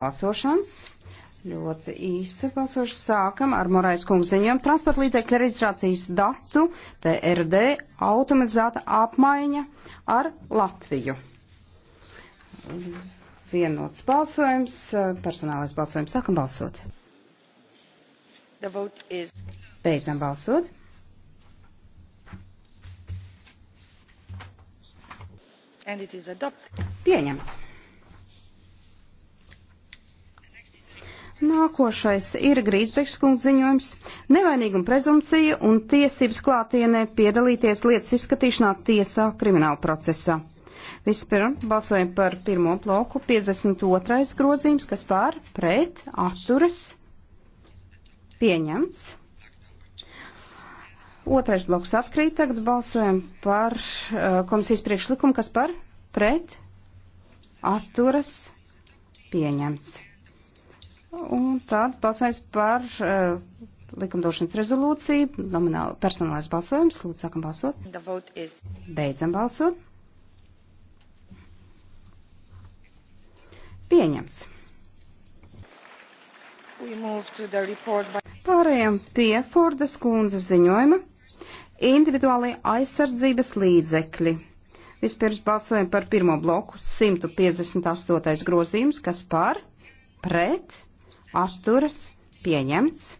balsošanas. Ļoti īsa balsošana. Sākam ar Morais kungu ziņojumu. Transporta līdzekļa reģistrācijas datu TRD automatizēta apmaiņa ar Latviju. Vienots balsojums, personālais balsojums. Sākam balsot. Is... Beidzam balsot. Pieņemts. Nākošais ir Grīsbeks kungs ziņojums - nevainīguma prezumcija un tiesības klātienē piedalīties lietas izskatīšanā tiesā krimināla procesā. Vispirms balsojam par pirmo bloku - 52. grozījums, kas pār pret atturas pieņemts. Otrais bloks atkrīt, tagad balsojam par uh, komisijas priekšlikumu, kas par pret atturas pieņemts. Un tad balsais par uh, likumdošanas rezolūciju, nomināli personālais balsojums, lūdzu sākam balsot. Is... Beidzam balsot. Pieņemts. By... Pārējām pie Fordas kundzes ziņojuma. Individuālie aizsardzības līdzekļi. Vispirms balsojam par pirmo bloku 158. grozījums, kas par, pret, atturas pieņemts.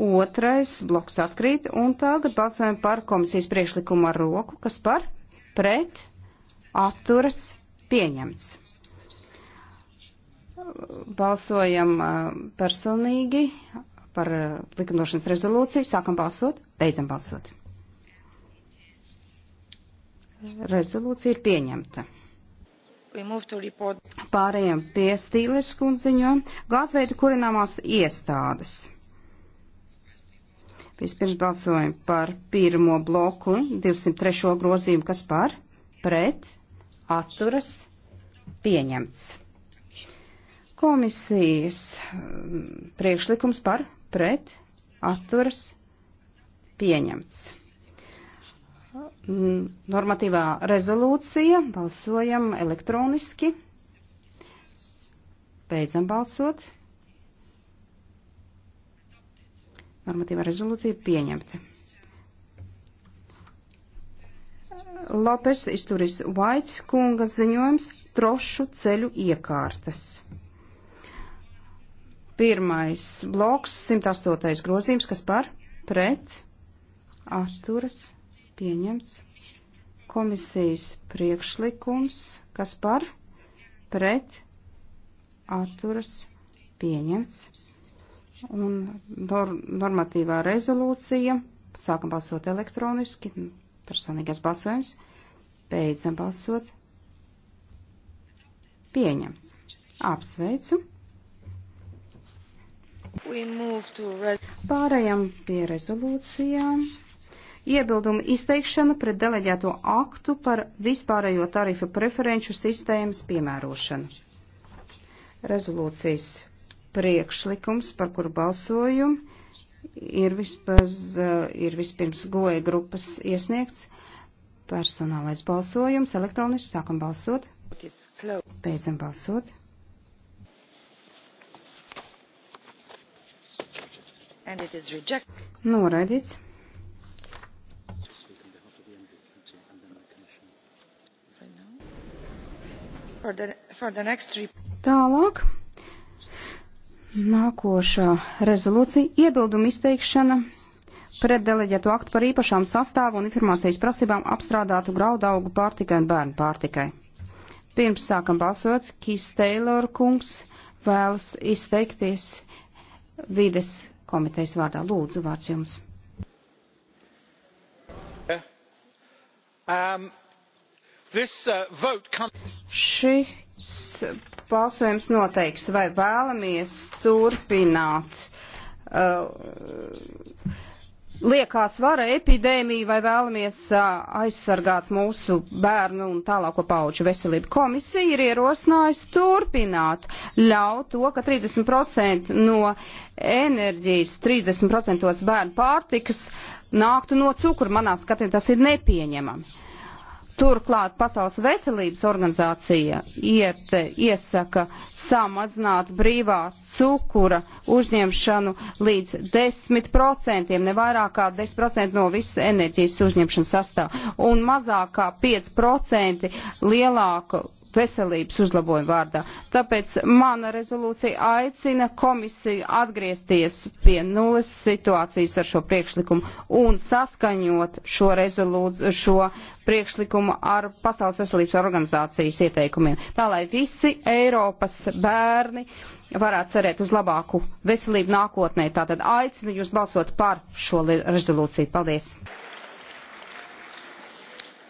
Otrais bloks atkrīt, un tagad balsojam par komisijas priekšlikumu ar roku, kas par pret atturas pieņemts. Balsojam personīgi par likumdošanas rezolūciju, sākam balsot, beidzam balsot. Rezolūcija ir pieņemta. Pārējiem pie Stīles kundziņo gāzveidu kurināmās iestādes. Vispirms balsojam par pirmo bloku 203. grozījumu, kas par, pret, atturas, pieņemts. Komisijas mm, priekšlikums par, pret, atturas, pieņemts. Mm, normatīvā rezolūcija. Balsojam elektroniski. Beidzam balsot. Normatīvā rezolūcija pieņemta. Lopes izturis Vaits kunga ziņojums trošu ceļu iekārtas. Pirmais bloks, 108. grozījums, kas par pret atturas pieņemts. Komisijas priekšlikums, kas par pret atturas pieņemts. Un nor normatīvā rezolūcija, sākam balsot elektroniski, personīgais balsojums, beidzam balsot. Pieņemts. Apsveicu. Pārējām pie rezolūcijām iebildumu izteikšanu pret deleģēto aktu par vispārējo tarifu preferenču sistēmas piemērošanu. Rezolūcijas priekšlikums, par kuru balsojumu, ir, vispaz, eh, ir vispirms goja grupas iesniegts personālais balsojums, elektroniski sākam balsot, beidzam balsot. Noraidīts. For the, for the next... Tālāk. Nākošā rezolūcija - iebilduma izteikšana pret deleģētu aktu par īpašām sastāvu un informācijas prasībām apstrādātu graudaugu pārtikai un bērnu pārtikai. Pirms sākam balsot, Kīs Teilor kungs vēlas izteikties vides komitejas vārdā. Lūdzu, vārds jums. Um, This, uh, comes... Šis balsojums noteiks, vai vēlamies turpināt uh, liekās vara epidēmiju, vai vēlamies uh, aizsargāt mūsu bērnu un tālāko pauģu veselību. Komisija ir ierosinājusi turpināt ļaut to, ka 30% no enerģijas, 30% bērnu pārtikas nāktu no cukuru. Manā skatījumā tas ir nepieņemami Turklāt Pasaules veselības organizācija iet, iesaka samazināt brīvā cukura uzņemšanu līdz 10%, ne vairāk kā 10% no visas enerģijas uzņemšanas sastāv, un mazāk kā 5% lielāku veselības uzlabojumu vārdā. Tāpēc mana rezolūcija aicina komisiju atgriezties pie nulles situācijas ar šo priekšlikumu un saskaņot šo, šo priekšlikumu ar Pasaules veselības organizācijas ieteikumiem. Tā lai visi Eiropas bērni varētu cerēt uz labāku veselību nākotnē. Tātad aicinu jūs balsot par šo rezolūciju. Paldies!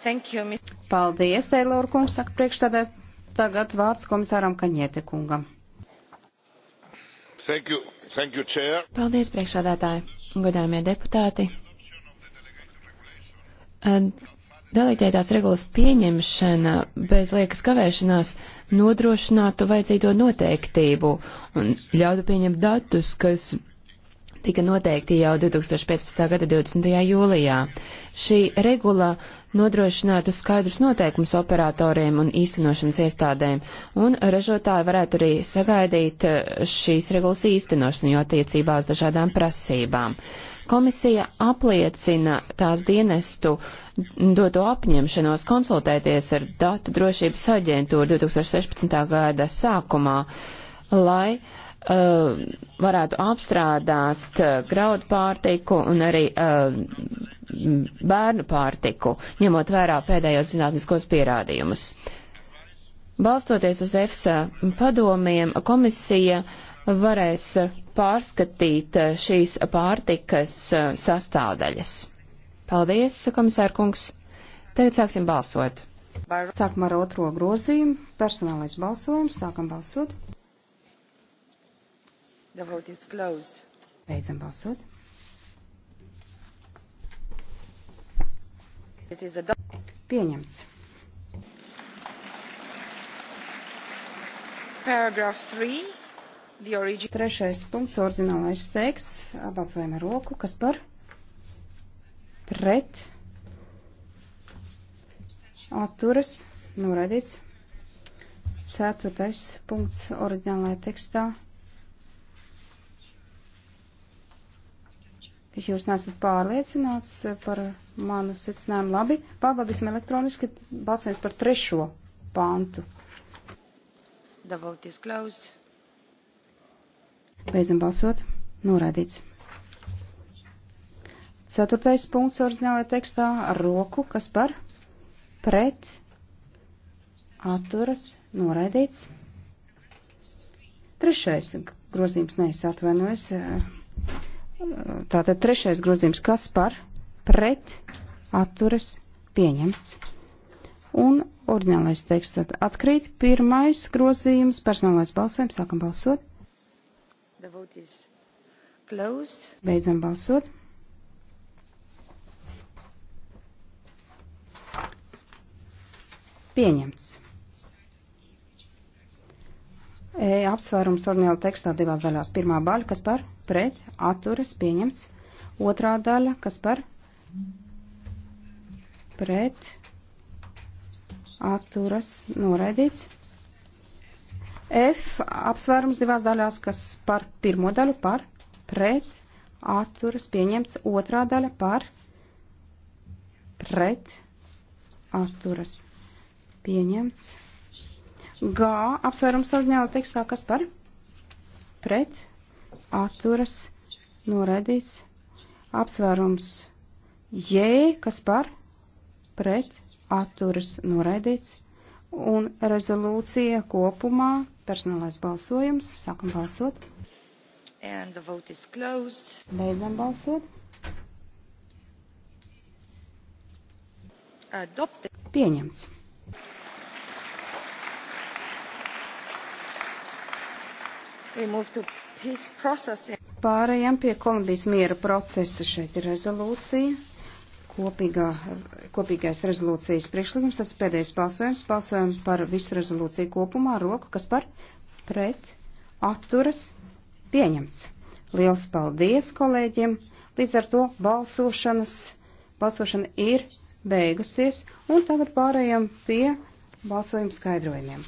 You, Paldies, Teilor kungs, saka priekšstādē. Tagad vārds komisāram Kaņiete kungam. Thank you. Thank you, chair. Paldies, priekšsādātāji, godāmie deputāti. Dalītētās regulas pieņemšana bez liekas kavēšanās nodrošinātu vajadzīto noteiktību un ļautu pieņemt datus, kas tika noteikti jau 2015. gada 20. jūlijā. Šī regula nodrošinātu skaidrus noteikumus operatoriem un īstenošanas iestādēm, un ražotāji varētu arī sagaidīt eh, šīs regulas īstenošanu, jo attiecībā uz dažādām prasībām. Komisija apliecina tās dienestu doto apņemšanos konsultēties ar datu drošības aģentūru 2016. gada sākumā, lai uh, uh, varētu apstrādāt uh, graudu pārtiku un arī uh, bērnu pārtiku, ņemot vērā pēdējos zinātniskos pierādījumus. Balstoties uz EFSA padomiem, komisija varēs pārskatīt uh, šīs pārtikas uh, sastāvdaļas. Paldies, komisārkungs. Tagad sāksim balsot. Sākam ar otro grozījumu. Personālais balsojums. Sākam balsot. The vote is closed. Beidzam balsot. It is adopted. Pieņemts. Paragraph 3. The origin... Trešais punkts, originālais teksts. Balsojam ar roku. Kas par? Pret. Atturas. Noraidīts. Ceturtais punkts, originālajā tekstā. Jūs nesat pārliecināts par manu secinājumu. Labi, pārbaudīsim elektroniski balsojums par trešo pāntu. The vote is closed. Beidzam balsot. Norādīts. Ceturtais punkts oriģinālajā tekstā ar roku, kas par pret atturas noraidīts. Trešais grozījums neizatvainojas. Tātad trešais grozījums, kas par pret atturas pieņemts. Un oriģinālais teksts tad atkrīt. Pirmais grozījums, personālais balsojums, sākam balsot. Beidzam balsot. Pieņemts. apsvērums ornēla tekstā divās daļās. Pirmā baļa, kas par pret, atturas, pieņemts. Otrā daļa, kas par pret, atturas, noraidīts. F apsvērums divās daļās, kas par pirmo daļu par pret, atturas, pieņemts. Otrā daļa par pret, atturas, pieņemts. G apsvērums orģināla tekstā, kas par pret atturas noraidīts. Apsvērums J, kas par pret atturas noraidīts. Un rezolūcija kopumā personālais balsojums. Sākam balsot. And the vote is closed. Beidzam balsot. Adopted. Pieņemts. Pārējām pie Kolumbijas miera procesa šeit ir rezolūcija. Kopīgā, kopīgais rezolūcijas priekšlikums, tas pēdējais balsojums, balsojam par visu rezolūciju kopumā, roku, kas par pret atturas pieņemts. Liels paldies kolēģiem, līdz ar to balsošanas, balsošana ir beigusies, un tagad pārējām pie balsojuma skaidrojumiem.